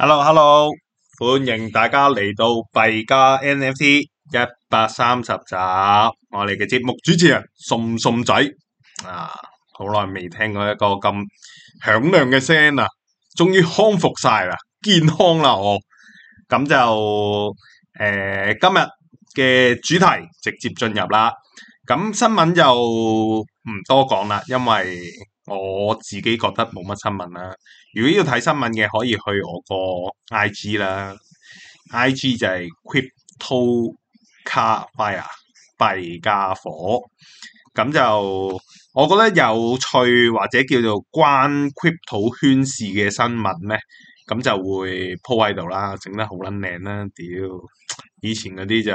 Hello，Hello，hello. 歡迎大家嚟到幣加 NFT 一百三十集，我哋嘅節目主持人宋宋仔啊，好耐未聽過一個咁響亮嘅聲啦，啊，終於康復晒啦，健康啦，我咁就誒、呃、今日嘅主題直接進入啦，咁新聞就唔多講啦，因為我自己覺得冇乜新聞啦。如果要睇新聞嘅，可以去我個 IG 啦，IG 就係 Crypto Ka Fire 幣加火。咁就我覺得有趣或者叫做關 Crypto 圈事嘅新聞咧，咁就會 po 喺度啦，整得好撚靚啦。屌以前嗰啲就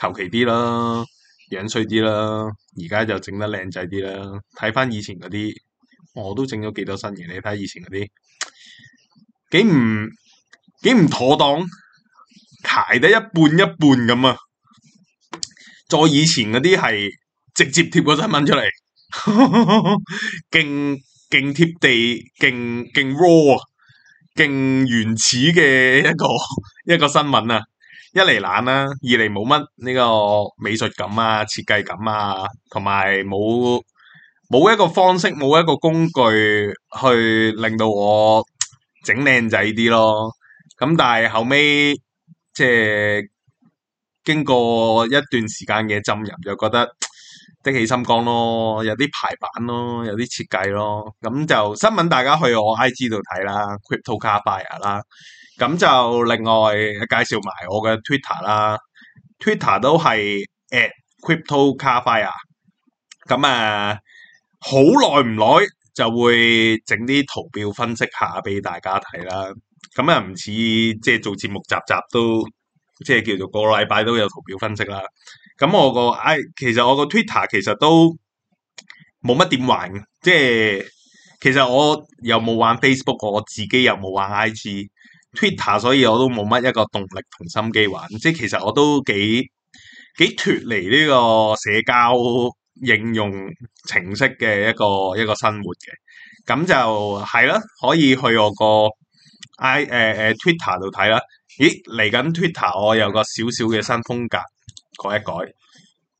求其啲啦，樣衰啲啦，而家就整得靚仔啲啦，睇翻以前嗰啲。我、哦、都整咗幾多新嘢，你睇以前嗰啲幾唔幾唔妥當，排得一半一半咁啊！再以前嗰啲係直接貼個新聞出嚟，勁 勁貼地，勁勁 raw，勁原始嘅一個一個新聞啊！一嚟懶啦、啊，二嚟冇乜呢個美術感啊、設計感啊，同埋冇。冇一個方式，冇一個工具去令到我整靚仔啲咯。咁但係後尾，即係經過一段時間嘅浸入，就覺得得起心肝咯，有啲排版咯，有啲設計咯。咁、嗯、就新聞大家去我 IG 度睇啦，cryptokafire 啦。咁、嗯、就另外介紹埋我嘅 Twitter 啦，Twitter 都係 at cryptokafire。咁、嗯、啊～、呃好耐唔耐就會整啲圖表分析下俾大家睇啦。咁啊唔似即係做節目集集都即係叫做個禮拜都有圖表分析啦。咁我個 I、哎、其實我個 Twitter 其實都冇乜點玩，即係其實我又冇玩 Facebook，我自己又冇玩 IG、Twitter，所以我都冇乜一個動力同心機玩。即係其實我都幾幾脫離呢個社交，應用程式嘅一個一個生活嘅，咁就係啦，可以去我個 I 誒誒 Twitter 度睇啦。咦，嚟緊 Twitter 我有個少少嘅新風格改一改，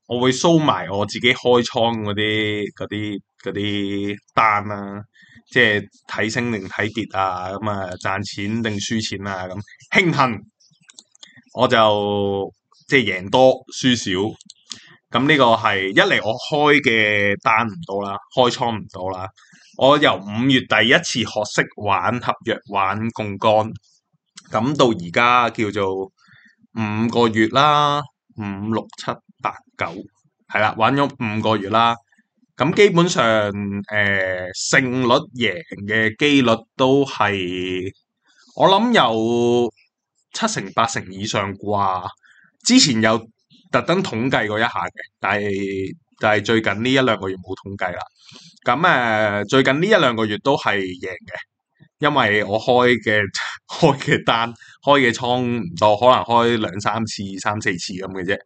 我會 show 埋我自己開倉嗰啲啲啲單啊，即係睇升定睇跌啊，咁啊賺錢定輸錢啊咁慶幸，我就即係贏多輸少。咁呢個係一嚟，我開嘅單唔多啦，開倉唔多啦。我由五月第一次學識玩合約，玩槓桿。咁到而家叫做五個月啦，五六七八九，係啦，玩咗五個月啦。咁基本上，誒、呃，勝率贏嘅幾率都係，我諗有七成八成以上啩。之前有。特登統計過一下嘅，但係但係最近呢一兩個月冇統計啦。咁誒，最近呢一兩個月都係贏嘅，因為我開嘅開嘅單開嘅倉唔多，可能開兩三次、三四次咁嘅啫。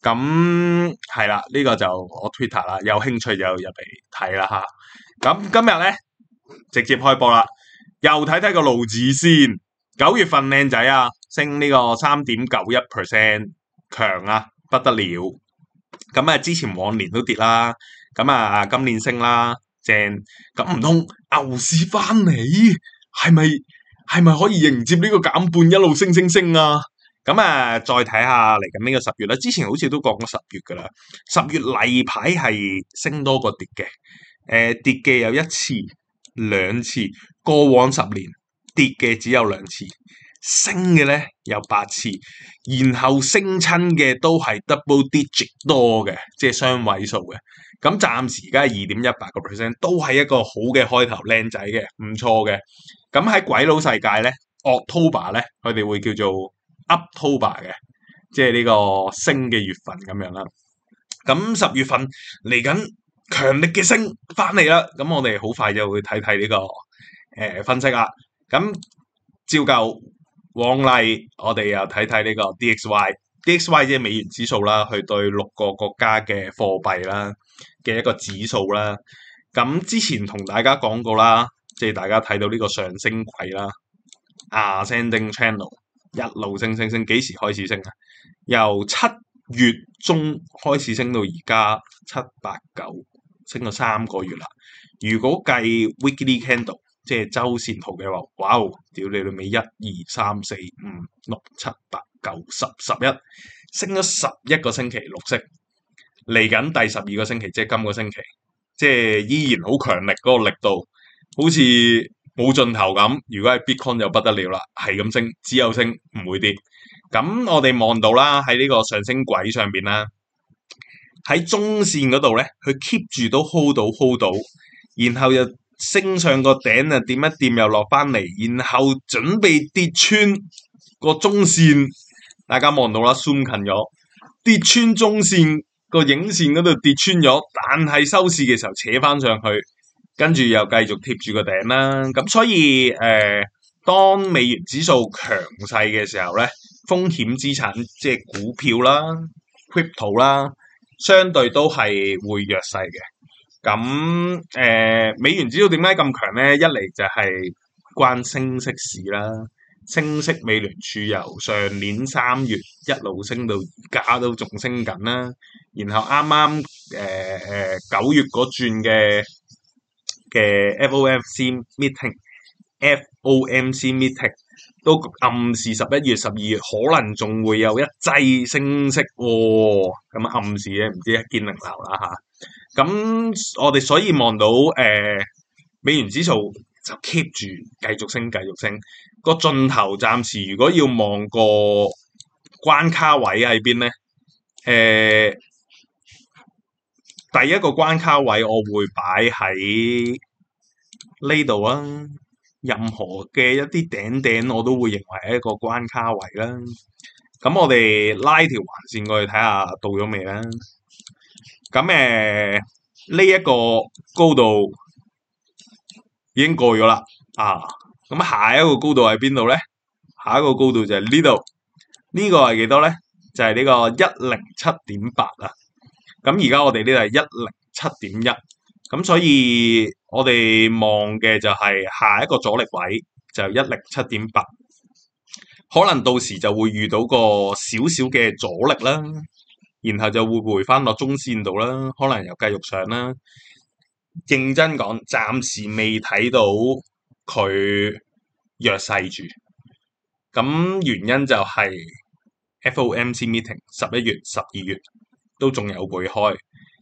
咁係啦，呢、這個就我 Twitter 啦，有興趣就入嚟睇啦吓，咁今日咧直接開播啦，又睇睇個路紙先。九月份靚仔啊，升呢個三點九一 percent。強啊，不得了！咁啊，之前往年都跌啦，咁啊，今年升啦，正。咁唔通牛市翻嚟，係咪係咪可以迎接呢個減半一路升升升啊？咁啊，再睇下嚟緊呢個十月啦，之前好似都講過十月噶啦，十月例牌係升多過跌嘅，誒、呃，跌嘅有一次、兩次，過往十年跌嘅只有兩次。升嘅咧有八次，然後升親嘅都係 double digit 多嘅，即係雙位數嘅。咁暫時而家二點一八個 percent 都係一個好嘅開頭，靚仔嘅，唔錯嘅。咁喺鬼佬世界咧，October 咧，佢哋會叫做 Uptober 嘅，即係呢個升嘅月份咁樣啦。咁十月份嚟緊強力嘅升返嚟啦，咁我哋好快就會睇睇呢個誒、呃、分析啦。咁照舊。往例，我哋又睇睇呢個 DXY，DXY 即係美元指數啦，佢對六個國家嘅貨幣啦嘅一個指數啦。咁之前同大家講過啦，即係大家睇到呢個上升軌啦，ascending、啊、channel 一路升升升，幾時開始升啊？由七月中開始升到而家七八九，升咗三個月啦。如果計 weekly candle。即係周線圖嘅話，哇屌你老味一二三四五六七八九十十一，升咗十一個星期，綠色嚟緊第十二個星期，即係今個星期，即係依然好強力嗰、那個力度，好似冇盡頭咁。如果係 Bitcoin 就不得了啦，係咁升，只有升唔會跌。咁我哋望到啦，喺呢個上升軌上邊啦，喺中線嗰度咧，佢 keep 住都 hold 到 hold 到，然後又，升上個頂就點一掂，又落翻嚟，然後準備跌穿個中線，大家望到啦，縮近咗，跌穿中線個影線嗰度跌穿咗，但係收市嘅時候扯翻上去，跟住又繼續貼住個頂啦。咁所以，誒、呃，當美元指數強勢嘅時候咧，風險資產即係股票啦、Crypto 啦，相對都係會弱勢嘅。咁誒、呃、美元指數點解咁強咧？一嚟就係關升息事啦，升息。美聯儲由上年三月一路升到而家都仲升緊啦。然後啱啱誒誒九月嗰轉嘅嘅 FOMC meeting，FOMC meeting 都暗示十一月、十二月可能仲會有一劑升息喎。咁、哦、啊暗示嘅，唔知堅定流啦嚇。咁我哋所以望到誒、呃、美元指數就 keep 住繼續升，繼續升個盡頭暫時如果要望個關卡位喺邊咧？誒、呃、第一個關卡位我會擺喺呢度啊，任何嘅一啲頂頂我都會認為係一個關卡位啦。咁我哋拉條橫綫過去睇下到咗未啦。咁誒，呢一、呃這個高度已經過咗啦，啊！咁下一個高度喺邊度咧？下一個高度就係、這個、呢度，呢個係幾多咧？就係、是、呢個一零七點八啊！咁而家我哋呢度係一零七點一，咁所以我哋望嘅就係下一個阻力位就係一零七點八，可能到時就會遇到個少少嘅阻力啦。然後就會,會回翻落中線度啦，可能又繼續上啦。認真講，暫時未睇到佢弱勢住咁、嗯、原因就係 FOMC Meeting 十一月、十二月都仲有會開，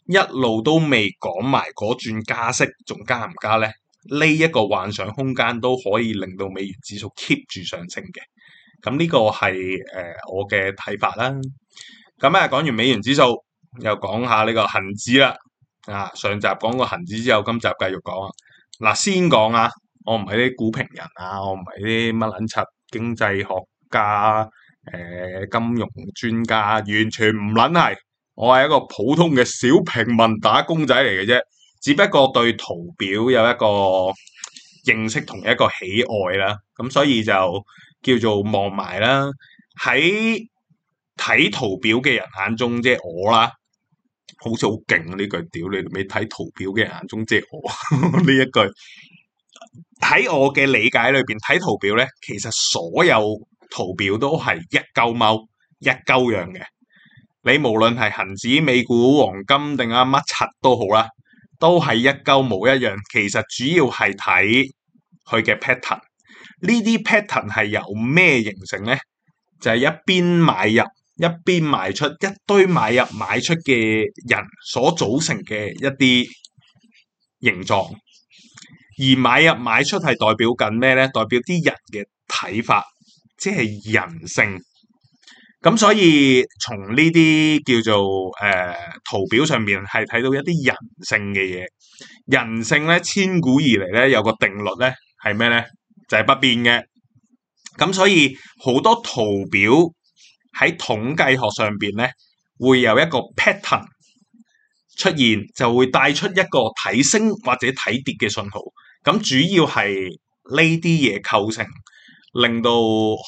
一路都未講埋嗰轉加息，仲加唔加咧？呢、這、一個幻想空間都可以令到美元指數 keep 住上升嘅。咁、嗯、呢、這個係誒、呃、我嘅睇法啦。咁啊，講完美元指數，又講下呢個恒指啦。啊，上集講過恒指之後，今集繼續講。嗱，先講啊，我唔係啲股評人啊，我唔係啲乜捻柒經濟學家、誒、呃、金融專家，完全唔捻係。我係一個普通嘅小平民打工仔嚟嘅啫，只不過對圖表有一個認識同一個喜愛啦。咁所以就叫做望埋啦，喺。睇圖表嘅人眼中，即係我啦，好似好勁呢句屌你未睇圖表嘅人眼中，即係我呢一句喺我嘅理解裏邊，睇圖表咧，其實所有圖表都係一鳩貓一鳩樣嘅。你無論係恒指、美股、黃金定啊乜柒都好啦，都係一鳩冇一樣。其實主要係睇佢嘅 pattern，呢啲 pattern 係由咩形成咧？就係、是、一邊買入。一邊，賣出一堆買入買出嘅人所組成嘅一啲形狀，而買入買出係代表緊咩咧？代表啲人嘅睇法，即係人性。咁所以從呢啲叫做誒、呃、圖表上面係睇到一啲人性嘅嘢。人性咧，千古以來咧，有個定律咧係咩咧？就係、是、不變嘅。咁所以好多圖表喺統計學上邊咧，會有一個 pattern 出現，就會帶出一個睇升或者睇跌嘅信號。咁主要係呢啲嘢構成，令到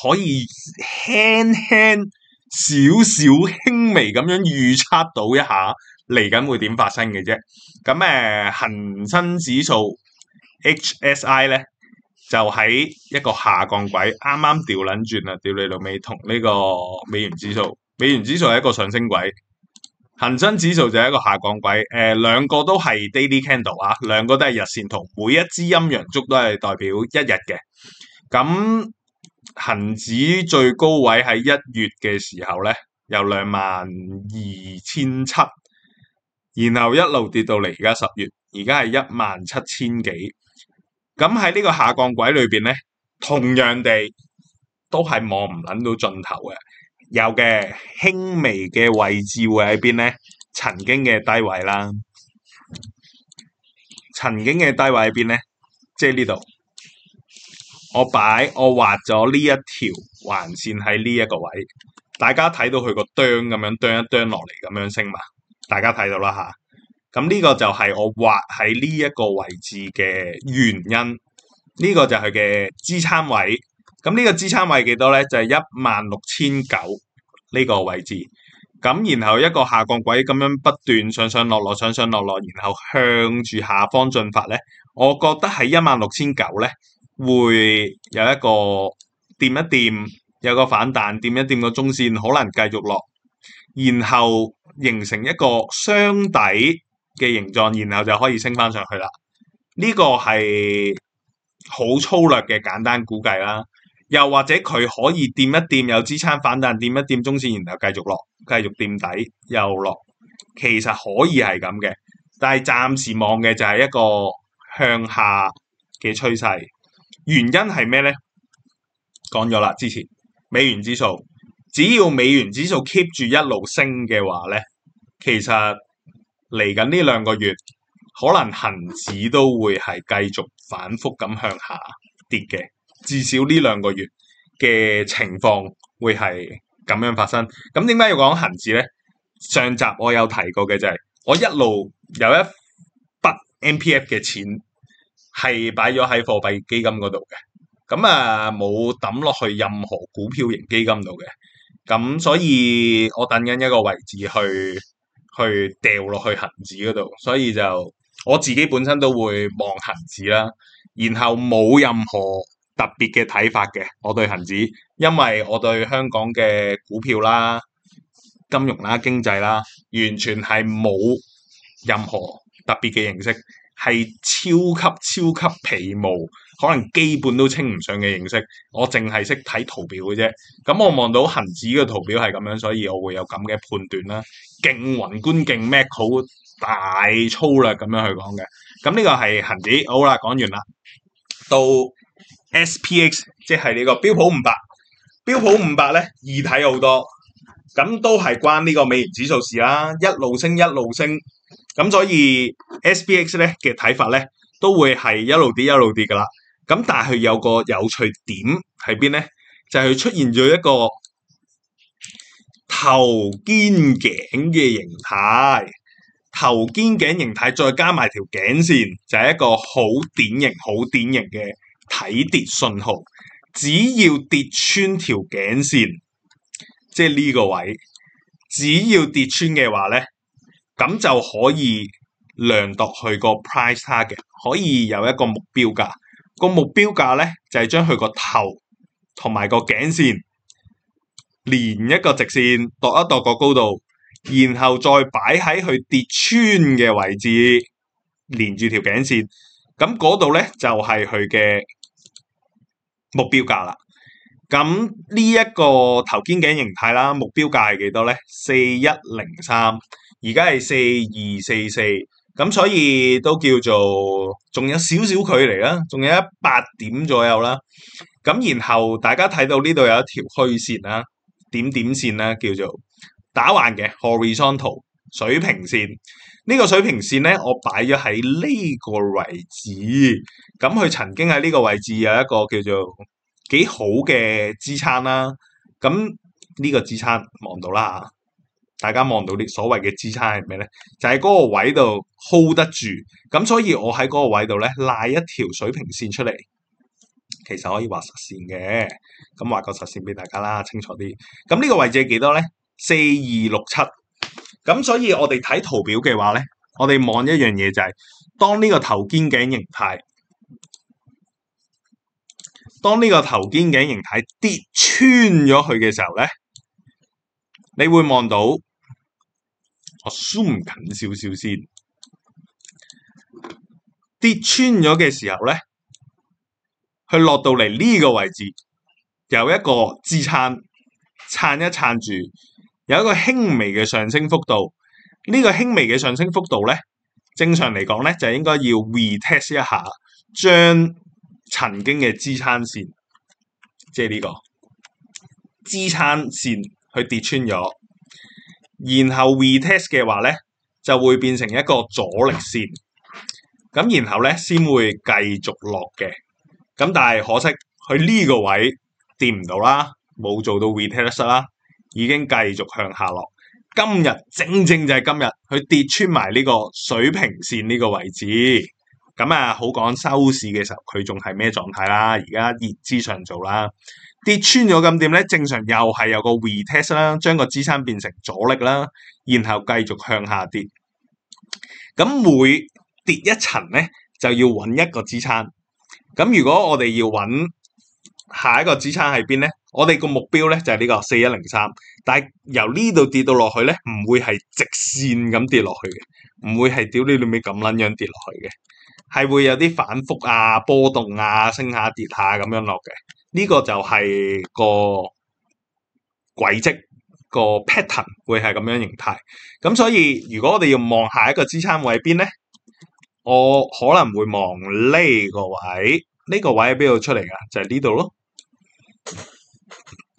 可以輕輕少少輕微咁樣預測到一下嚟緊會點發生嘅啫。咁誒恆生指數 HSI 咧，就喺一個下降軌，啱啱調捻轉啦，調你老味。同呢個美元指數，美元指數係一個上升軌，恒生指數就係一個下降軌，誒、呃、兩個都係 daily candle 啊，兩個都係日線圖，每一支陰陽燭都係代表一日嘅。咁恒指最高位喺一月嘅時候咧，由兩萬二千七，然後一路跌到嚟而家十月，而家係一萬七千幾。咁喺呢個下降軌裏邊咧，同樣地都係望唔撚到盡頭嘅。有嘅輕微嘅位置會喺邊咧？曾經嘅低位啦，曾經嘅低位喺邊咧？即係呢度，我擺我畫咗呢一條橫線喺呢一個位，大家睇到佢個釘咁樣釘一釘落嚟咁樣升嘛？大家睇到啦吓。咁呢個就係我畫喺呢一個位置嘅原因，呢、這個就係佢嘅支撐位。咁、這、呢個支撐位幾多呢？就係一萬六千九呢個位置。咁然後一個下降軌咁樣不斷上上落落上上落落，然後向住下方進發呢，我覺得喺一萬六千九呢，會有一個掂一掂，有個反彈，掂一掂個中線可能繼續落，然後形成一個雙底。嘅形狀，然後就可以升翻上去啦。呢個係好粗略嘅簡單估計啦。又或者佢可以掂一掂有支撐反彈，掂一掂中線，然後繼續落，繼續掂底又落。其實可以係咁嘅，但係暫時望嘅就係一個向下嘅趨勢。原因係咩咧？講咗啦，之前美元指數，只要美元指數 keep 住一路升嘅話咧，其實，嚟緊呢兩個月，可能恒指都會係繼續反覆咁向下跌嘅，至少呢兩個月嘅情況會係咁樣發生。咁點解要講恒指咧？上集我有提過嘅就係，我一路有一筆 MPF 嘅錢係擺咗喺貨幣基金嗰度嘅，咁啊冇抌落去任何股票型基金度嘅，咁所以我等緊一個位置去。去掉落去恒指嗰度，所以就我自己本身都會望恒指啦，然後冇任何特別嘅睇法嘅。我對恒指，因為我對香港嘅股票啦、金融啦、經濟啦，完全係冇任何特別嘅認識，係超級超級皮毛。可能基本都稱唔上嘅形式，我淨係識睇圖表嘅啫。咁我望到恒指嘅圖表係咁樣，所以我會有咁嘅判斷啦。勁宏觀勁咩好大粗略咁樣去講嘅。咁呢個係恒指，好啦，講完啦。到 SPX，即係呢個標普五百，標普五百咧，易睇好多，咁都係關呢個美元指數事啦，一路升一路升，咁所以 SPX 咧嘅睇法咧都會係一路跌一路跌噶啦。咁但係佢有個有趣點喺邊咧？就係出現咗一個頭肩頸嘅形態，頭肩頸形態再加埋條頸線，就係一個好典型、好典型嘅睇跌信號。只要跌穿條頸線，即係呢個位，只要跌穿嘅話咧，咁就可以量度去個 price target，可以有一個目標價。個目標價咧就係將佢個頭同埋個頸線連一個直線度一度個高度，然後再擺喺佢跌穿嘅位置，連住條頸線，咁嗰度咧就係佢嘅目標價啦。咁呢一個頭肩頸形態啦，目標價係幾多咧？四一零三，而家係四二四四。咁所以都叫做仲有少少距離啦，仲有一百點左右啦。咁然後大家睇到呢度有一條虛線啦，點點線啦，叫做打橫嘅 horizontal 水平線。呢、呢個水平線咧，我擺咗喺呢個位置。咁佢曾經喺呢個位置有一個叫做幾好嘅支撐啦。咁呢個支撐望到啦。大家望到啲所謂嘅支撐係咩咧？就係嗰個位度 hold 得住，咁所以我喺嗰個位度咧，拉一條水平線出嚟，其實可以畫實線嘅，咁畫個實線俾大家啦，清楚啲。咁呢個位置係幾多咧？四二六七。咁所以我哋睇圖表嘅話咧，我哋望一樣嘢就係，當呢個頭肩頸形態，當呢個頭肩頸形態跌穿咗去嘅時候咧，你會望到。縮近少少先，跌穿咗嘅時候咧，佢落到嚟呢個位置，有一個支撐撐一撐住，有一個輕微嘅上升幅度。呢、這個輕微嘅上升幅度咧，正常嚟講咧就應該要 retest 一下，將曾經嘅支撐線，即係呢個支撐線去跌穿咗。然後 retest 嘅話咧，就會變成一個阻力線，咁然後咧先會繼續落嘅。咁但係可惜佢呢個位跌唔到啦，冇做到 retest 啦，已經繼續向下落。今日正正就係今日，佢跌穿埋呢個水平線呢個位置。咁啊，好講收市嘅時候，佢仲係咩狀態啦？而家熱資上做啦。跌穿咗咁點咧？正常又係有個 retest 啦，將個支撐變成阻力啦，然後繼續向下跌。咁每跌一層咧，就要揾一個支撐。咁如果我哋要揾下一個支撐喺邊咧，我哋個目標咧就係呢個四一零三。但係由呢度跌到落去咧，唔會係直線咁跌落去嘅，唔會係屌你裏面咁撚樣跌落去嘅，係會有啲反覆啊、波動啊、升下跌下咁樣落嘅。呢個就係個軌跡個 pattern 會係咁樣形態，咁所以如果我哋要望下一個支撐位邊咧，我可能會望呢個位，呢個位喺邊度出嚟噶？就係呢度咯。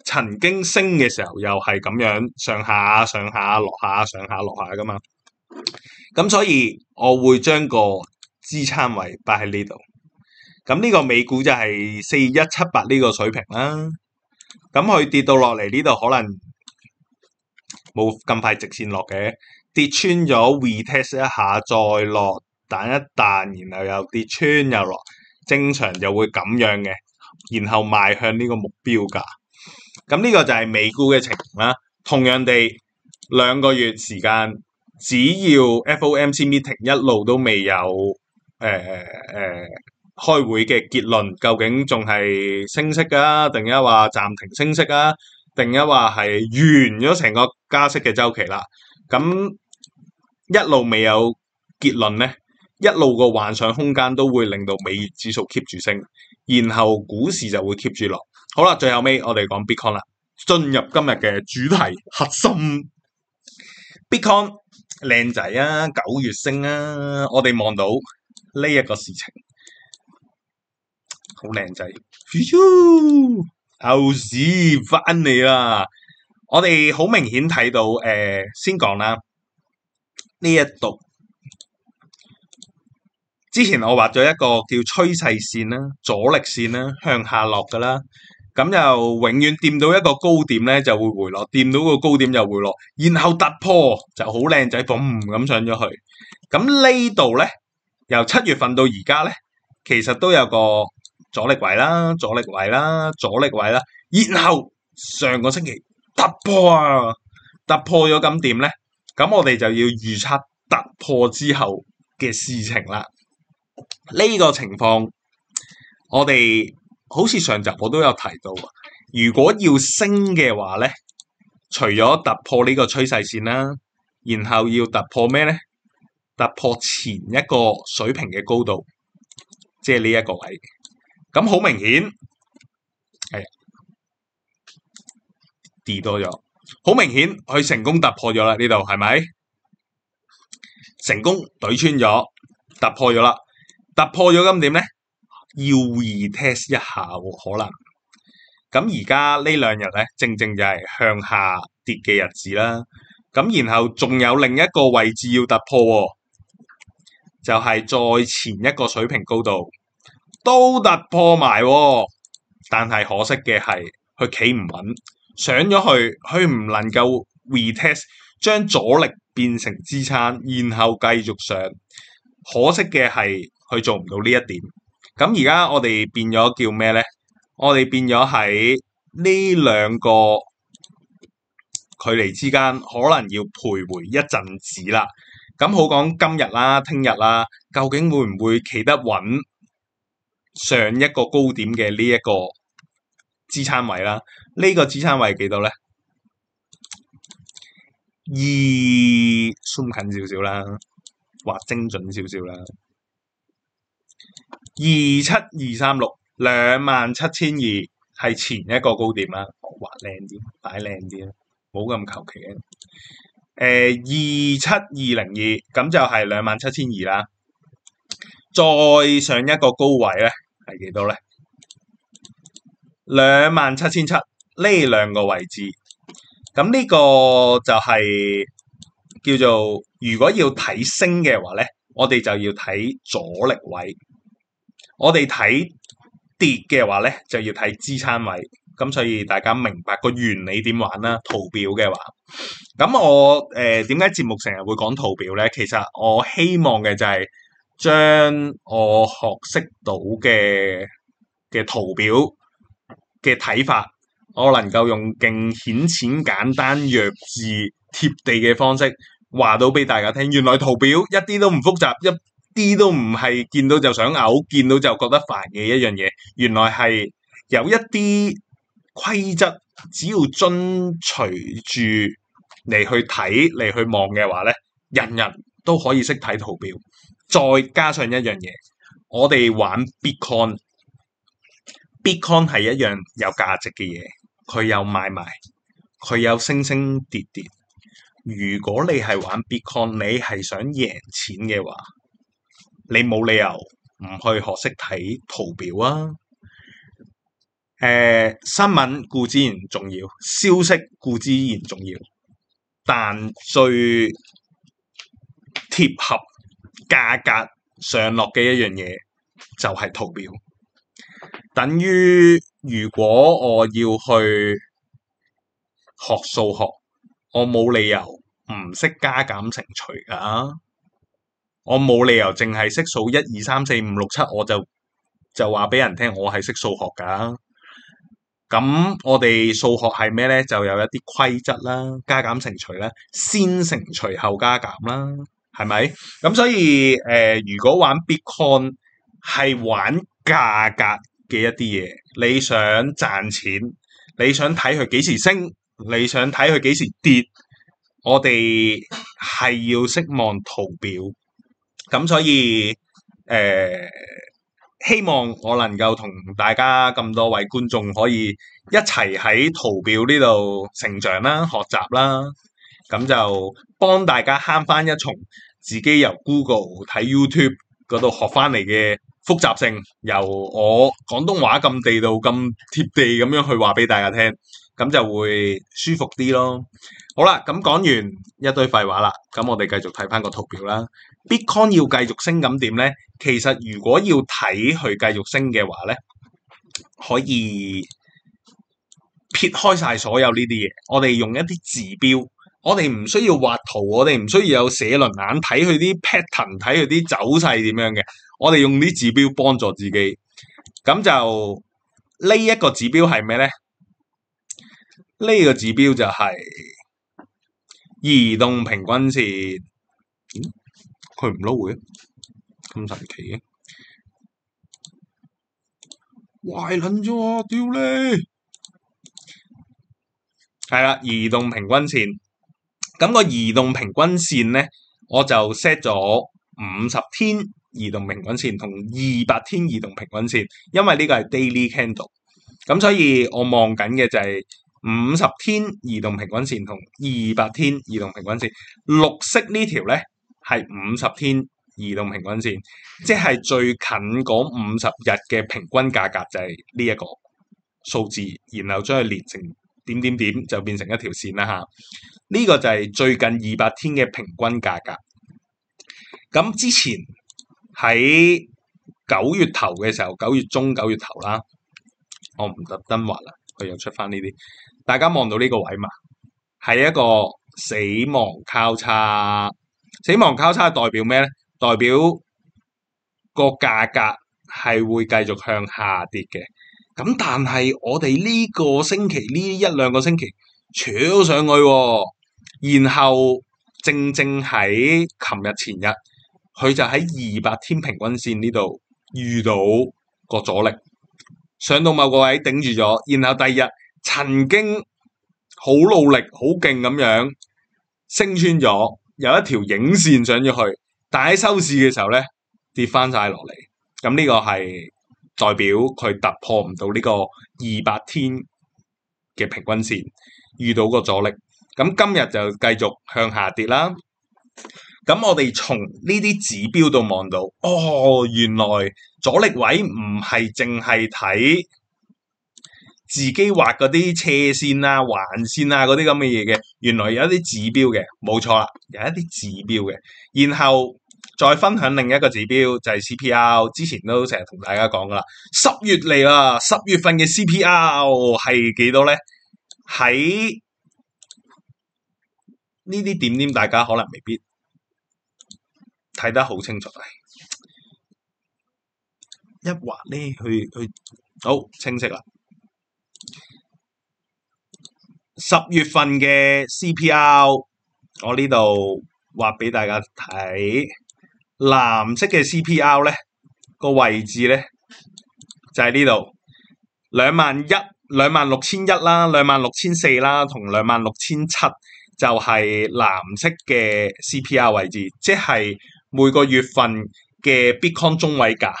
曾經升嘅時候又係咁樣上下上下落下上下落下噶嘛，咁所以我會將個支撐位擺喺呢度。咁呢個美股就係四一七八呢個水平啦，咁佢跌到落嚟呢度可能冇咁快直線落嘅，跌穿咗 retest 一下再落彈一彈，然後又跌穿又落，正常就會咁樣嘅，然後邁向呢個目標㗎。咁呢個就係美股嘅情況啦。同樣地，兩個月時間，只要 FOMC meeting 一路都未有誒誒。呃呃開會嘅結論究竟仲係升息啊，定一話暫停升息啊，定一話係完咗成個加息嘅周期啦？咁一路未有結論咧，一路個幻想空間都會令到美指指數 keep 住升，然後股市就會 keep 住落。好啦，最後尾我哋講 Bitcoin 啦，進入今日嘅主題核心 Bitcoin 靚仔啊，九月升啊，我哋望到呢一個事情。好靚仔，又是翻嚟啦！我哋好明顯睇到，誒、呃，先講啦，呢一度之前我畫咗一個叫趨勢線啦、阻力線啦，向下落噶啦。咁就永遠掂到一個高點咧，就會回落；掂到個高點就會回落，然後突破就好靚仔 boom 咁上咗去。咁呢度咧，由七月份到而家咧，其實都有個。阻力位啦，阻力位啦，阻力位啦，然後上個星期突破，啊，突破咗咁點咧？咁我哋就要預測突破之後嘅事情啦。呢、呢個情況，我哋好似上集我都有提到，如果要升嘅話咧，除咗突破呢個趨勢線啦，然後要突破咩咧？突破前一個水平嘅高度，即係呢一個位。咁好明顯，係、哎、跌多咗，好明顯佢成功突破咗啦，呢度係咪成功懟穿咗，突破咗啦，突破咗咁點咧？要二 test 一下、哦、可能，咁而家呢兩日咧，正正就係向下跌嘅日子啦。咁然後仲有另一個位置要突破、哦，就係、是、再前一個水平高度，都突破埋，但係可惜嘅係佢企唔穩，上咗去佢唔能夠 retest，將阻力變成支撐，然後繼續上。可惜嘅係佢做唔到呢一點。咁而家我哋變咗叫咩咧？我哋變咗喺呢兩個距離之間，可能要徘徊一陣子啦。咁好講今日啦，聽日啦，究竟會唔會企得穩？上一個高點嘅呢一個支撐位啦，呢、這個支撐位幾多咧？二鬆近少少啦，畫精準少少啦。二七二三六兩萬七千二係前一個高點啦。畫靚啲，擺靚啲啦，冇咁求其嘅。誒二七二零二咁就係兩萬七千二啦。再上一個高位咧？係幾多咧？兩萬七千七呢兩個位置，咁呢個就係叫做如果要睇升嘅話咧，我哋就要睇阻力位；我哋睇跌嘅話咧，就要睇支撐位。咁所以大家明白個原理點玩啦，圖表嘅話，咁我誒點解節目成日會講圖表咧？其實我希望嘅就係。將我學識到嘅嘅圖表嘅睇法，我能夠用勁顯淺、簡單、弱智、貼地嘅方式話到俾大家聽。原來圖表一啲都唔複雜，一啲都唔係見到就想嘔、見到就覺得煩嘅一樣嘢。原來係有一啲規則，只要遵隨住嚟去睇、嚟去望嘅話咧，人人都可以識睇圖表。再加上一樣嘢，我哋玩 Bitcoin，Bitcoin 係一樣有價值嘅嘢，佢有買賣，佢有升升跌跌。如果你係玩 Bitcoin，你係想贏錢嘅話，你冇理由唔去學識睇圖表啊！誒、呃，新聞固之然重要，消息固之然重要，但最貼合價格上落嘅一樣嘢就係圖表，等於如果我要去學數學，我冇理由唔識加減乘除㗎，我冇理由淨係識數一二三四五六七，我就就話俾人聽我係識數學㗎。咁我哋數學係咩呢？就有一啲規則啦，加減乘除啦，先乘除後加減啦。係咪？咁所以，誒、呃，如果玩 Bitcoin 係玩價格嘅一啲嘢，你想賺錢，你想睇佢幾時升，你想睇佢幾時跌，我哋係要識望圖表。咁所以，誒、呃，希望我能夠同大家咁多位觀眾可以一齊喺圖表呢度成長啦、學習啦。咁就幫大家慳翻一重，自己由 Google 睇 YouTube 度學翻嚟嘅複雜性，由我廣東話咁地道、咁貼地咁樣去話俾大家聽，咁就會舒服啲咯。好啦，咁講完一堆廢話啦，咁我哋繼續睇翻個圖表啦。Bitcoin 要繼續升咁點咧？其實如果要睇佢繼續升嘅話咧，可以撇開晒所有呢啲嘢，我哋用一啲指標。我哋唔需要畫圖，我哋唔需要有寫輪眼睇佢啲 pattern，睇佢啲走勢點樣嘅。我哋用啲指標幫助自己。咁就呢一個指標係咩咧？呢個指標就係移動平均線。佢唔撈嘅，咁神奇嘅，壞卵咗啊！屌你，係啦，移動平均線。嗯咁個移動平均線咧，我就 set 咗五十天移動平均線同二百天移動平均線，因為呢個係 daily candle，咁所以我望緊嘅就係五十天移動平均線同二百天移動平均線，綠色呢條咧係五十天移動平均線，即係最近嗰五十日嘅平均價格就係呢一個數字，然後將佢列成，點點點就變成一條線啦吓，呢個就係最近二百天嘅平均價格。咁之前喺九月頭嘅時候，九月中、九月頭啦，我唔特登話啦，佢又出翻呢啲，大家望到呢個位嘛，係一個死亡交叉。死亡交叉代表咩咧？代表個價格係會繼續向下跌嘅。咁但係我哋呢個星期呢一兩個星期，扯咗上去，然後正正喺琴日前日，佢就喺二百天平均線呢度遇到個阻力，上到某個位頂住咗，然後第二日曾經好努力、好勁咁樣升穿咗，有一條影線上咗去，但係喺收市嘅時候咧跌翻晒落嚟，咁呢個係。代表佢突破唔到呢個二百天嘅平均線，遇到個阻力，咁今日就繼續向下跌啦。咁我哋從呢啲指標度望到，哦，原來阻力位唔係淨係睇自己畫嗰啲斜線啊、橫線啊嗰啲咁嘅嘢嘅，原來有一啲指標嘅，冇錯啦，有一啲指標嘅，然後。再分享另一個指標就係 CPI，之前都成日同大家講噶啦，十月嚟啦，十月份嘅 CPI 係幾多咧？喺呢啲點點，大家可能未必睇得好清楚。一畫呢，去去好清晰啦。十月份嘅 CPI 我呢度畫俾大家睇。藍色嘅 CPR 咧，個位置，咧就係呢度，兩萬一、兩萬六千一啦、兩萬六千四啦同兩萬六千七就係藍色嘅 CPR 位置，即係每個月份嘅 Bitcoin 中位價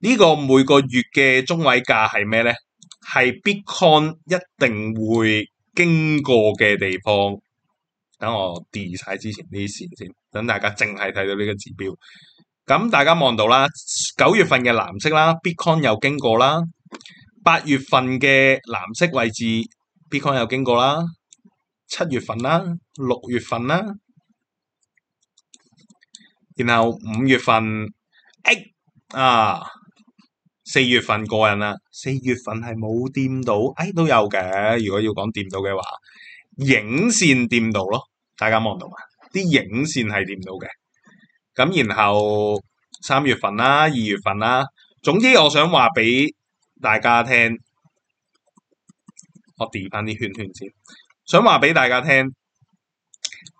呢、這個每個月嘅中位價係咩咧？係 Bitcoin 一定會經過嘅地方。等我 d e l 之前啲線先。等大家淨係睇到呢個指標，咁大家望到啦，九月份嘅藍色啦，Bitcoin 又經過啦，八月份嘅藍色位置 Bitcoin 又經過啦，七月份啦，六月份啦，然後五月份，哎啊，四月份過人啦，四月份係冇掂到，哎都有嘅，如果要講掂到嘅話，影線掂到咯，大家望到嘛？啲影線係掂到嘅，咁然後三月份啦、二月份啦，總之我想話俾大家聽，我疊翻啲圈圈先，想話俾大家聽，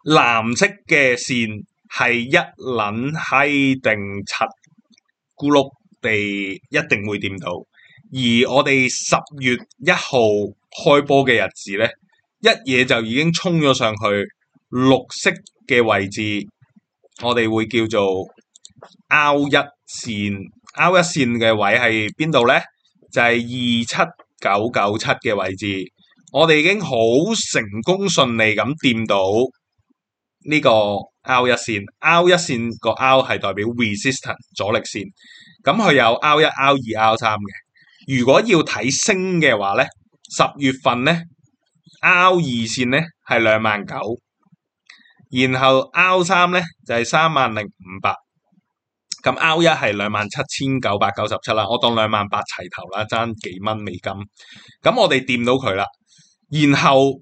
藍色嘅線係一撚閪定七，咕碌地一定會掂到，而我哋十月一號開波嘅日子咧，一嘢就已經衝咗上去，綠色嘅位置，我哋會叫做 R 一線，R 一線嘅位係邊度咧？就係二七九九七嘅位置，我哋已經好成功順利咁掂到呢個 R 一線，R 一線個 R 係代表 resistant 阻力線，咁佢有 R 一、R 二、R 三嘅。如果要睇升嘅話咧，十月份咧，R 二線咧係兩萬九。然後 R 三咧就係三萬零五百，咁 R 一係兩萬七千九百九十七啦，我當兩萬八齊頭啦，爭幾蚊美金，咁我哋掂到佢啦。然後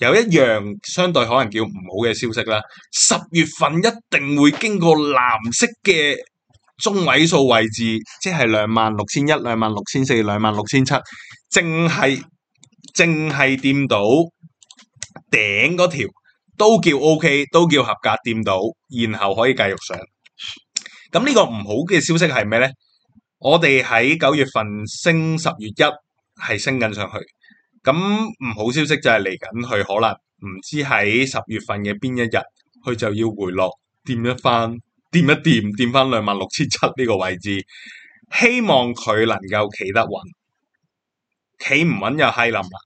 有一樣相對可能叫唔好嘅消息啦，十月份一定會經過藍色嘅中位數位置，即係兩萬六千一、兩萬六千四、兩萬六千七，淨係淨係掂到頂嗰條。都叫 OK，都叫合格掂到，然後可以繼續上。咁呢個唔好嘅消息係咩呢？我哋喺九月份升，十月一係升緊上去。咁唔好消息就係嚟緊，佢可能唔知喺十月份嘅邊一日，佢就要回落，掂一翻，掂一掂，掂翻兩萬六千七呢個位置。希望佢能夠企得穩，企唔穩又係冧啦。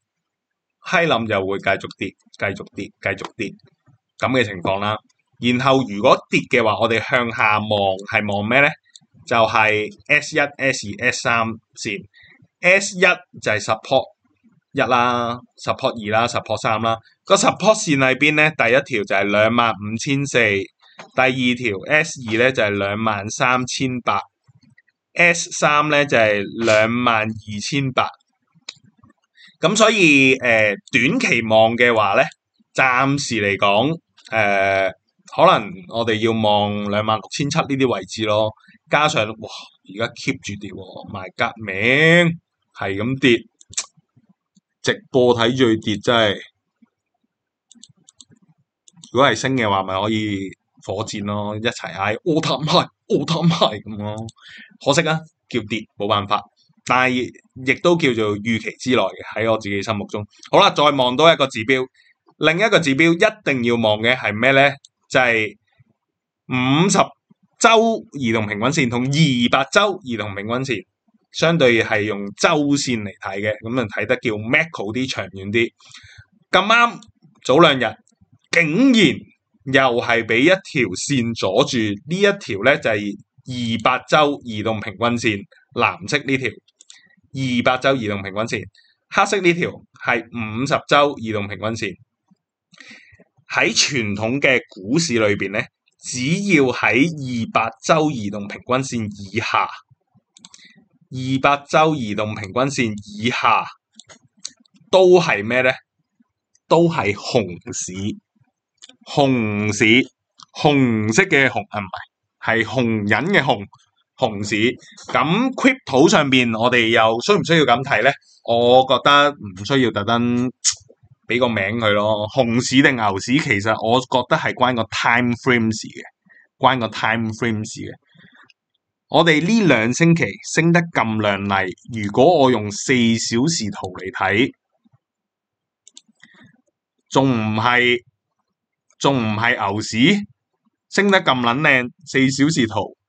希林就會繼續跌，繼續跌，繼續跌咁嘅情況啦。然後如果跌嘅話，我哋向下望係望咩咧？就係、是、S 一、S 二、S 三線。S 一就係 support 一啦，support 二啦，support 三啦。個 support 線裏邊咧，第一條就係兩萬五千四，第二條 S 二咧就係兩萬三千八，S 三咧就係兩萬二千八。咁所以誒、呃、短期望嘅話咧，暫時嚟講誒，可能我哋要望兩萬六千七呢啲位置咯。加上哇，而家 keep 住跌喎，賣革命係咁跌，直播睇最跌真係。如果係升嘅話，咪可以火箭咯，一齊嗌 all time high，all time high 咁咯。可惜啊，叫跌冇辦法。但係亦都叫做預期之內嘅，喺我自己心目中。好啦，再望多一個指標，另一個指標一定要望嘅係咩咧？就係五十週移動平均線同二百週移動平均線，相對係用週線嚟睇嘅，咁就睇得叫 macro 啲、長遠啲。咁啱早兩日竟然又係俾一條線阻住呢一條咧，就係二百週移動平均線藍色呢條。二百周移動平均線，黑色呢條係五十周移動平均線。喺傳統嘅股市裏邊咧，只要喺二百周移動平均線以下，二百周移動平均線以下都係咩咧？都係紅市，紅市，紅色嘅紅係唔係？係紅人嘅紅。熊市咁，Crypto 上面我哋又需唔需要咁睇咧？我覺得唔需要特登畀個名佢咯。熊市定牛市，其實我覺得係關個 time frames 嘅，關個 time frames 嘅。我哋呢兩星期升得咁亮麗，如果我用四小時圖嚟睇，仲唔係仲唔係牛市？升得咁撚靚，四小時圖。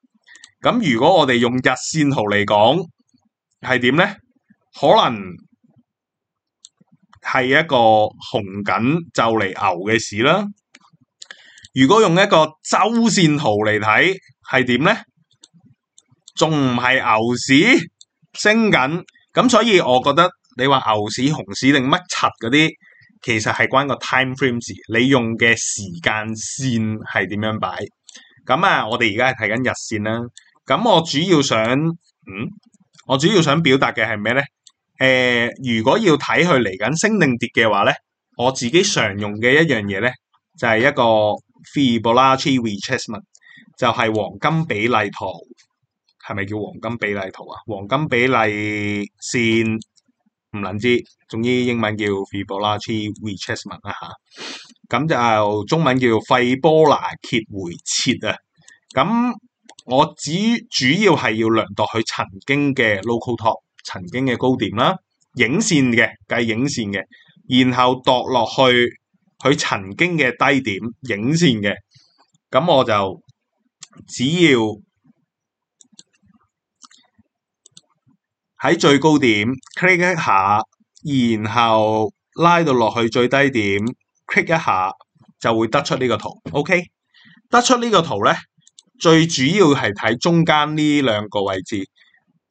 咁如果我哋用日線圖嚟講係點咧？可能係一個紅緊就嚟牛嘅市啦。如果用一個周線圖嚟睇係點咧？仲唔係牛市升緊，咁所以我覺得你話牛市、熊市定乜柒嗰啲，其實係關個 time frame 事。你用嘅時間線係點樣擺？咁啊，我哋而家係睇緊日線啦。咁我主要想，嗯，我主要想表達嘅係咩咧？誒，如果要睇佢嚟緊升定跌嘅話咧，我自己常用嘅一樣嘢咧就係一個 Fibonacci Retracement 就係黃金比例圖，係咪叫黃金比例圖啊？黃金比例線唔能知，總之英文叫 Fibonacci Retracement 啊吓，咁就中文叫費波拿揭回切啊，咁。我只主要係要量度佢曾經嘅 local top，曾經嘅高點啦，影線嘅計影線嘅，然後度落去佢曾經嘅低點影線嘅，咁我就只要喺最高點 click 一下，然後拉到落去最低點 click 一下，就會得出呢個圖，OK，得出呢個圖咧。最主要係睇中間呢兩個位置，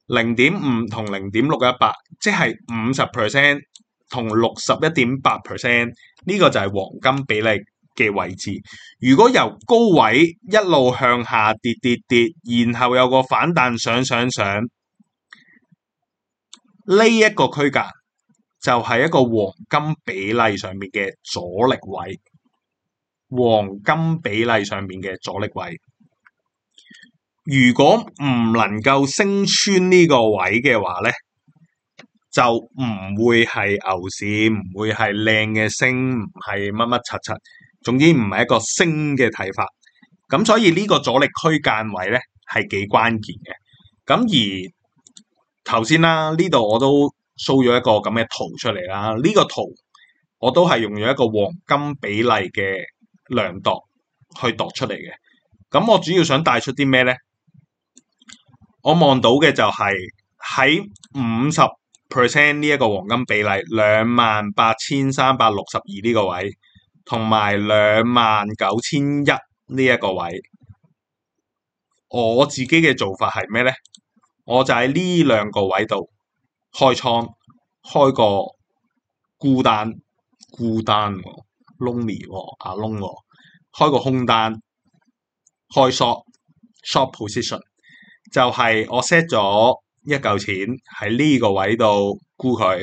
零點五同零點六一八，即係五十 percent 同六十一點八 percent，呢個就係黃金比例嘅位置。如果由高位一路向下跌跌跌，然後有個反彈上上上，呢、這、一個區間就係一個黃金比例上面嘅阻力位，黃金比例上面嘅阻力位。如果唔能夠升穿呢個位嘅話咧，就唔會係牛市，唔會係靚嘅升，唔係乜乜柒柒，總之唔係一個升嘅睇法。咁所以呢個阻力區間位咧係幾關鍵嘅。咁而頭先啦，呢度我都掃咗一個咁嘅圖出嚟啦。呢個圖我都係用咗一個黃金比例嘅量度去度出嚟嘅。咁我主要想帶出啲咩咧？我望到嘅就係喺五十 percent 呢一個黃金比例兩萬八千三百六十二呢個位，同埋兩萬九千一呢一個位。我自己嘅做法係咩咧？我就喺呢兩個位度開倉，開個孤單孤單喎 lonely 喎，啊 lone 喎，開個空單，開 short short position。就係我 set 咗一嚿錢喺呢個位度沽佢，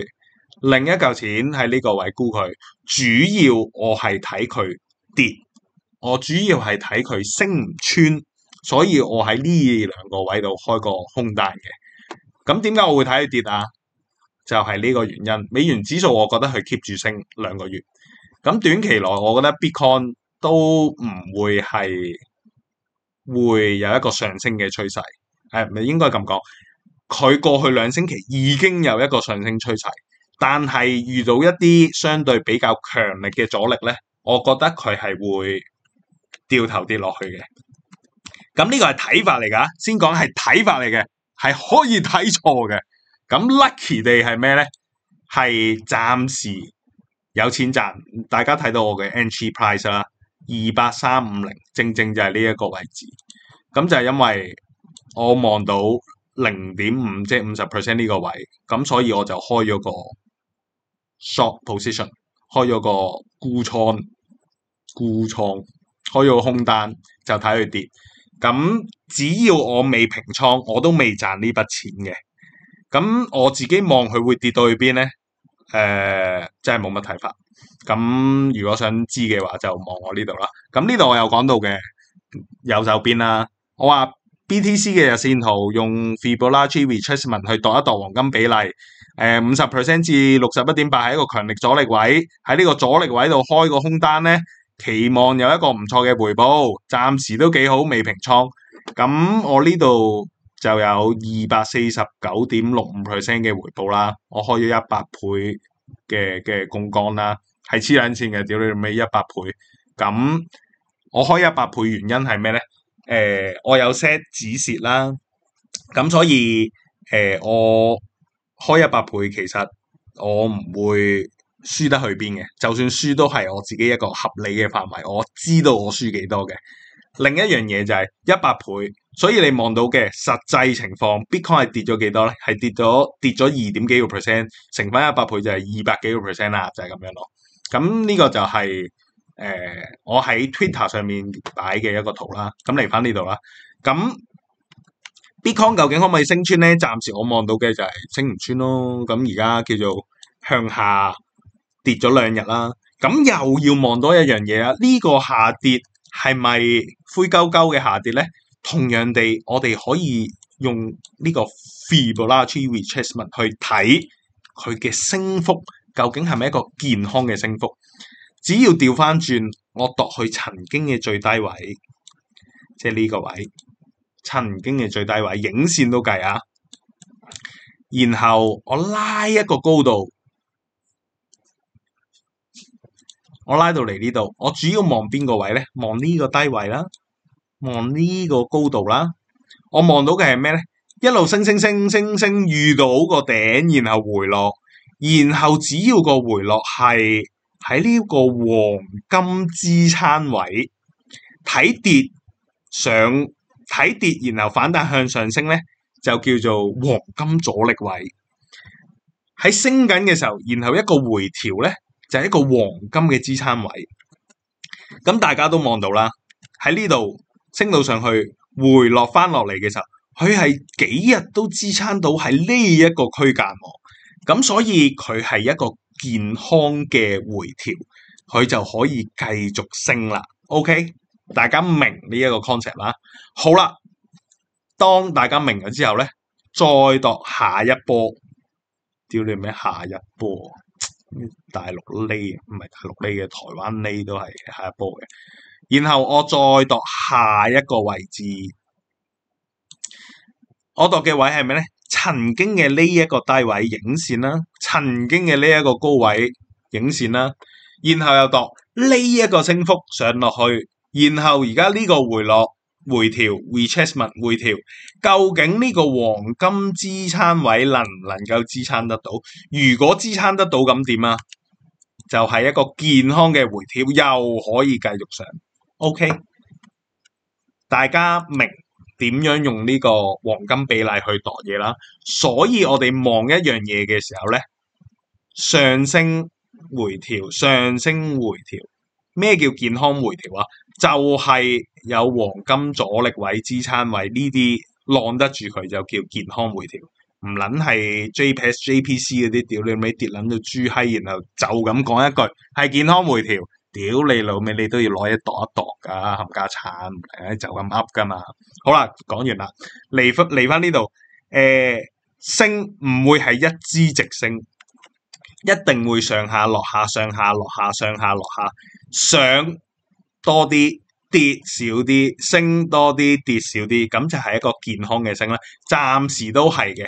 另一嚿錢喺呢個位沽佢。主要我係睇佢跌，我主要係睇佢升唔穿，所以我喺呢兩個位度開個空單嘅。咁點解我會睇佢跌啊？就係呢個原因。美元指數我覺得佢 keep 住升兩個月，咁短期內我覺得 Bitcoin 都唔會係會有一個上升嘅趨勢。誒，唔係應該咁講，佢過去兩星期已經有一個上升趨勢，但係遇到一啲相對比較強力嘅阻力咧，我覺得佢係會掉頭跌落去嘅。咁、嗯、呢、這個係睇法嚟噶，先講係睇法嚟嘅，係可以睇錯嘅。咁 lucky 地係咩咧？係暫時有錢賺，大家睇到我嘅 entry price 啦，二八三五零，正正就係呢一個位置。咁、嗯、就係、是、因為。我望到零點五，即係五十 percent 呢個位，咁所以我就開咗個 short position，開咗個沽倉沽倉，開咗個空單就睇佢跌。咁只要我未平倉，我都未賺呢筆錢嘅。咁我自己望佢會跌到去邊咧？誒、呃，真係冇乜睇法。咁如果想知嘅話就，就望我呢度啦。咁呢度我有講到嘅右手邊啦、啊，我話。B T C 嘅日線圖用 Fibonacci retracement 去度一度黃金比例，誒五十 percent 至六十一點八係一個強力阻力位，喺呢個阻力位度開個空單咧，期望有一個唔錯嘅回報，暫時都幾好，未平倉。咁我呢度就有二百四十九點六五 percent 嘅回報啦，我開咗一百倍嘅嘅槓桿啦，係黐撚線嘅，屌你咪一百倍。咁我開一百倍原因係咩咧？誒、呃，我有 set 止蝕啦，咁所以誒、呃，我開一百倍，其實我唔會輸得去邊嘅，就算輸都係我自己一個合理嘅範圍，我知道我輸幾多嘅。另一樣嘢就係一百倍，所以你望到嘅實際情況，Bitcoin 係跌咗幾多咧？係跌咗跌咗二點幾個 percent，乘翻一百倍就係二百幾個 percent 啦，就係、是、咁樣咯。咁呢個就係、是。誒、呃，我喺 Twitter 上面擺嘅一個圖啦，咁嚟翻呢度啦。咁 Bitcoin 究竟可唔可以升穿咧？暫時我望到嘅就係升唔穿咯。咁而家叫做向下跌咗兩日啦。咁又要望多一樣嘢啊！呢、這個下跌係咪灰鳩鳩嘅下跌咧？同樣地，我哋可以用呢個 Fibonacci retracement 去睇佢嘅升幅，究竟係咪一個健康嘅升幅？只要調翻轉，我度去曾經嘅最低位，即係呢個位，曾經嘅最低位，影線都計啊。然後我拉一個高度，我拉到嚟呢度，我主要望邊個位咧？望呢個低位啦，望呢個高度啦。我望到嘅係咩咧？一路升升升升升，遇到個頂，然後回落，然後只要個回落係，喺呢個黃金支撐位，睇跌上睇跌，然後反彈向上升咧，就叫做黃金阻力位。喺升緊嘅時候，然後一個回調咧，就係一個黃金嘅支撐位。咁大家都望到啦，喺呢度升到上去，回落翻落嚟嘅時候，佢係幾日都支撐到喺呢一個區間喎。咁所以佢係一個。健康嘅回調，佢就可以繼續升啦。OK，大家明呢一個 concept 啦。好啦，當大家明咗之後咧，再度下一波，屌你咩？下一波大陸呢？唔係大陸呢嘅，台灣呢都係下一波嘅。然後我再度下一個位置，我度嘅位係咪咧？曾經嘅呢一個低位影線啦，曾經嘅呢一個高位影線啦，然後又度呢一個升幅上落去，然後而家呢個回落回調 retracement 回調，究竟呢個黃金支撐位能唔能夠支撐得到？如果支撐得到咁點啊？就係一個健康嘅回調，又可以繼續上。OK，大家明。點樣用呢個黃金比例去度嘢啦？所以我哋望一樣嘢嘅時候咧，上升回調、上升回調，咩叫健康回調啊？就係有黃金阻力位、支撐位呢啲晾得住佢就叫健康回調。唔撚係 JPS JPC 嗰啲，屌你咪跌撚到豬閪，然後就咁講一句係健康回調。屌你老味，你都要攞一度一度噶、啊，冚家鏟就咁 up 噶嘛。好啦，講完啦，嚟翻嚟翻呢度，誒、呃，升唔會係一支直升，一定會上下落下，下，下，下，下，下，下，上下落下，上下落下，上多啲，跌少啲，升多啲，跌少啲，咁就係一個健康嘅升啦。暫時都係嘅，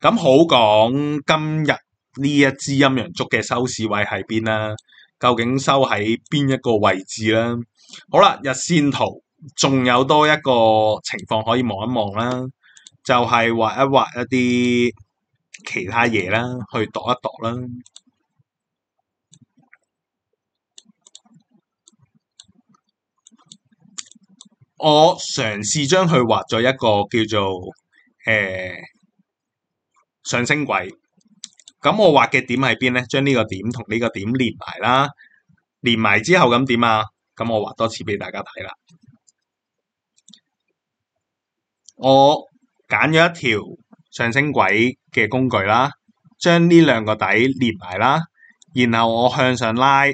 咁好講今日呢一支陰陽燭嘅收市位喺邊啦。究竟收喺邊一個位置啦？好啦，日線圖仲有多一個情況可以望一望啦，就係、是、畫一畫一啲其他嘢啦，去度一度啦。我嘗試將佢畫咗一個叫做誒、呃、上升軌。咁我畫嘅點喺邊咧？將呢個點同呢個點連埋啦，連埋之後咁點啊？咁我畫多次俾大家睇啦。我揀咗一條上升軌嘅工具啦，將呢兩個底連埋啦，然後我向上拉，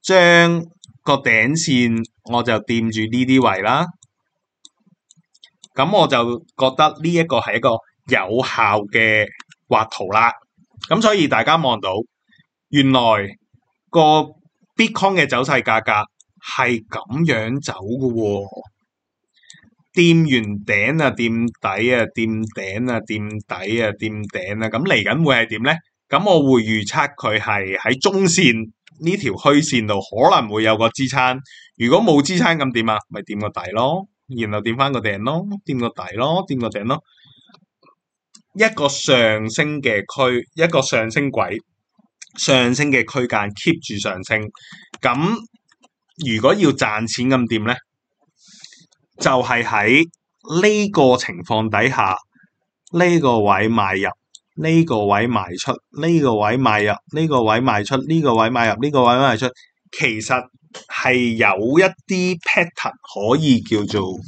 將個頂線我就掂住呢啲位啦。咁我就覺得呢一個係一個有效嘅畫圖啦。咁所以大家望到，原來個 Bitcoin 嘅走勢價格係咁樣走嘅喎，哦，掂完頂啊，掂底啊，掂頂啊，掂底啊，掂頂啊，咁嚟緊會係點咧？咁我會預測佢係喺中線呢條虛線度可能會有個支撐。如果冇支撐咁點啊？咪掂個底咯，然後掂翻個頂咯，掂個底咯，掂個頂咯。一個上升嘅區，一個上升軌，上升嘅區間 keep 住上升。咁如果要賺錢咁點呢？就係喺呢個情況底下，呢個位買入，呢個位賣出，呢個位買入，呢個位賣出，呢個位買入，呢個位賣出。其實係有一啲 pattern 可以叫做。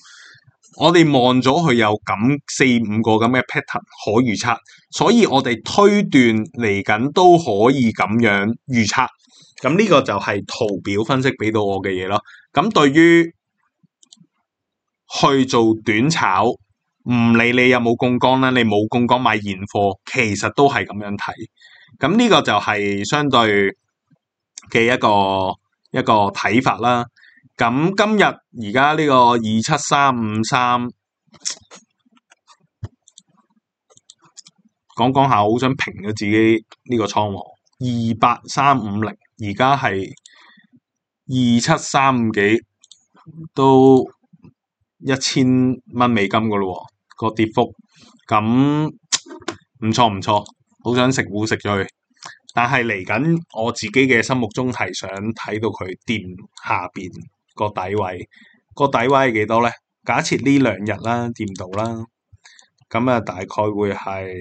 我哋望咗佢有咁四五個咁嘅 pattern 可預測，所以我哋推斷嚟緊都可以咁樣預測。咁呢個就係圖表分析俾到我嘅嘢咯。咁對於去做短炒，唔理你有冇槓桿啦，你冇槓桿買現貨，其實都係咁樣睇。咁呢個就係相對嘅一個一個睇法啦。咁今日而家呢個二七三五三，講講下，好想平咗自己呢個倉喎。二八三五零而家係二七三幾都一千蚊美金個咯喎，個跌幅咁唔錯唔錯，好想食糊食醉。但係嚟緊我自己嘅心目中係想睇到佢掂下邊。個底位，個底位係幾多咧？假設呢兩日啦，掂到啦，咁啊，大概會係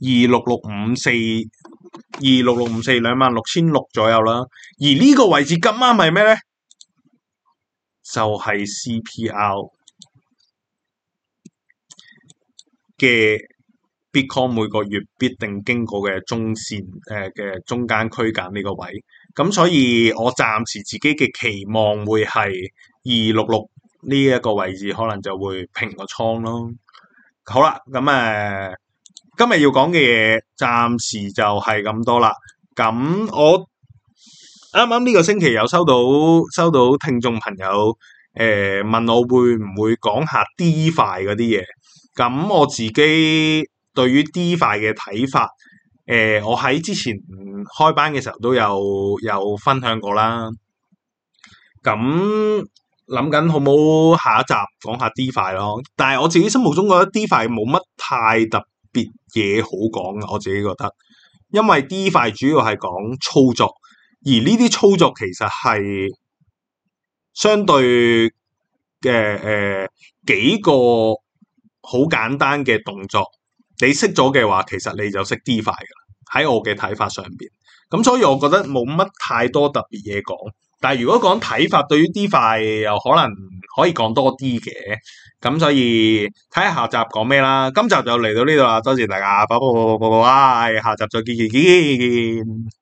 二六六五四，二六六五四兩萬六千六左右啦。而呢個位置咁啱係咩咧？就係、是、CPR 嘅 Bitcoin 每個月必定經過嘅中線誒嘅、呃、中間區間呢個位。咁所以，我暫時自己嘅期望會係二六六呢一個位置，可能就會平個倉咯，好。好啦，咁、呃、誒，今日要講嘅嘢暫時就係咁多啦。咁我啱啱呢個星期有收到收到聽眾朋友誒、呃、問我會唔會講下 DeFi 嗰啲嘢。咁我自己對於 DeFi 嘅睇法。誒、呃，我喺之前、嗯、開班嘅時候都有有分享過啦。咁諗緊好冇下一集講一下 D 塊咯。但係我自己心目中覺得 D 塊冇乜太特別嘢好講我自己覺得，因為 D 塊主要係講操作，而呢啲操作其實係相對嘅誒、呃、幾個好簡單嘅動作。你識咗嘅話，其實你就識 DeFi 嘅啦。喺我嘅睇法上面，咁所以我覺得冇乜太多特別嘢講。但係如果講睇法，對於 DeFi 又可能可以講多啲嘅。咁所以睇下下集講咩啦。今集就嚟到呢度啦，多謝大家，拜拜。拜拜，拜拜。下集再見見見。